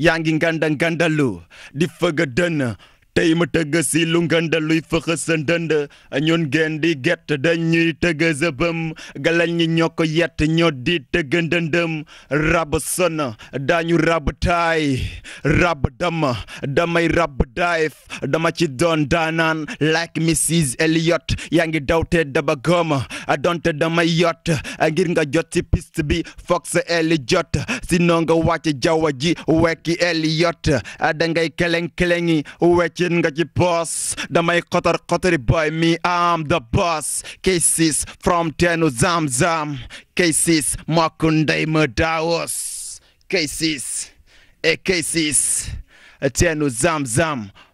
yaa ngi nganda ngandalu di fëgg dënn tey ma tëgg si lu ngandaluy fëxa sa ndënd ñun ngeen di gett dañuy tëgg sëbëm galal ñi ñoo ko yett ñoo di tëgg ndëndëm rab son daañu rab taay rab dama damay rab daayif dama ci doon daanaan like Mrs Elliot yaa ngi daw te daba gooma donte damay yot ngir nga jot ci pist bi foog sa Elliot sinon nga wàcc jaww ji wekki Elliot da ngay keleng-kelengi weccin nga ci boss damay xotar xotari boy mi am the boss K6 from teenu zam zam K6 ndey ma daawos k AK6 Tienu Zamzam